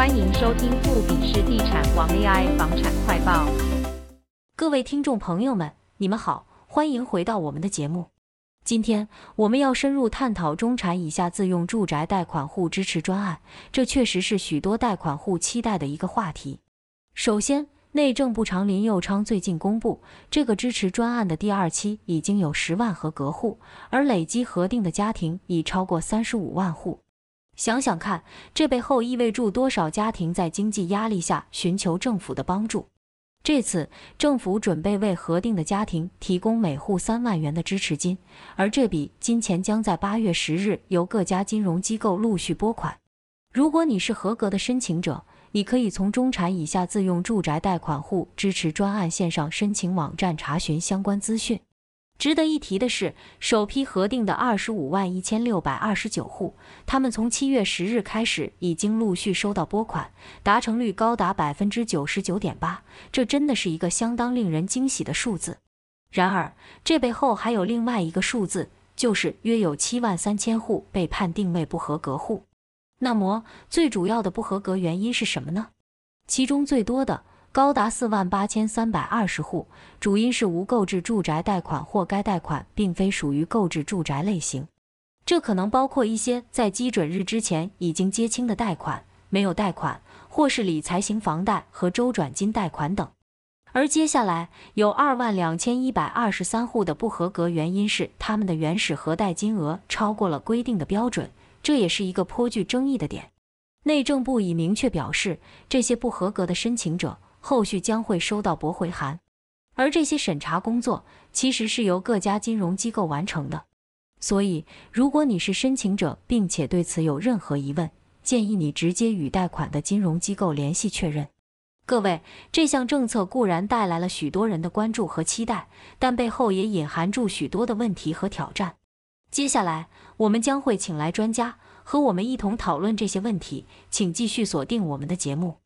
歡迎收聽富比士地產王 AI 房產快報。各位聽眾朋友們，你們好，歡迎回到我們的節目。今天我們要深入探討中產以下自用住宅貸款戶支持專案，這確實是許多貸款戶期待的一個話題。首先，內政部長林右昌最近公布，這個支持專案的第二期已經有十萬合格戶，而累計核定的家庭已超過三十五萬戶。想想看，這背後意味着多少家庭在經濟壓力下尋求政府的幫助？這次政府準備為核定的家庭提供每戶三萬元的支持金，而這筆金錢將在八月十日由各家金融機構陸續撥款。如果你是合格的申請者，你可以從中產以下自用住宅貸款戶支持專案線上申請網站查詢相關資訊。值得一提的是，首批核定的二十五萬一千六百二十九戶，他們從七月十日開始已經陸續收到撥款，達成率高達百分之九十九點八，這真的是一個相當令人驚喜的數字。然而，這背後還有另外一個數字，就是約有七萬三千戶被判定為不合格戶。那麼，最主要的不合格原因是什麼呢？其中最多的，高達四萬八千三百二十戶，主因是無購置住宅貸款，或該貸款並非屬於購置住宅類型。這可能包括一些在基準日之前已經結清的貸款、沒有貸款，或是理財型房貸和週轉金貸款等。而接下來有二萬兩千一百二十三戶的不合格原因是他們的原始核貸金額超過了規定的標準，這也是一個頗具爭議的點。內政部已明確表示，這些不合格的申請者。後續將會收到駁回函，而這些審查工作其實是由各家金融機構完成的。所以，如果你是申請者，並且對此有任何疑問，建議你直接與貸款的金融機構聯繫確認。各位，這項政策固然帶來了許多人的關注和期待，但背後也隱含住許多的問題和挑戰。接下來，我們將會請來專家和我們一同討論這些問題，請繼續鎖定我們的節目。